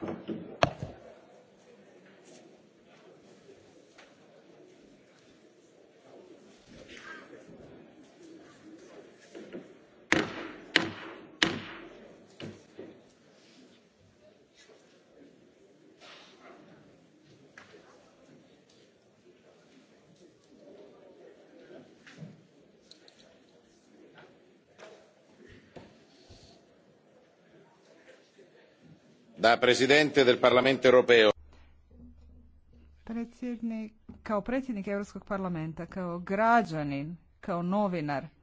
protiv da presidente del Parlamento europeo kao predsjednik Europskog parlamenta, kao građanin, kao novinar,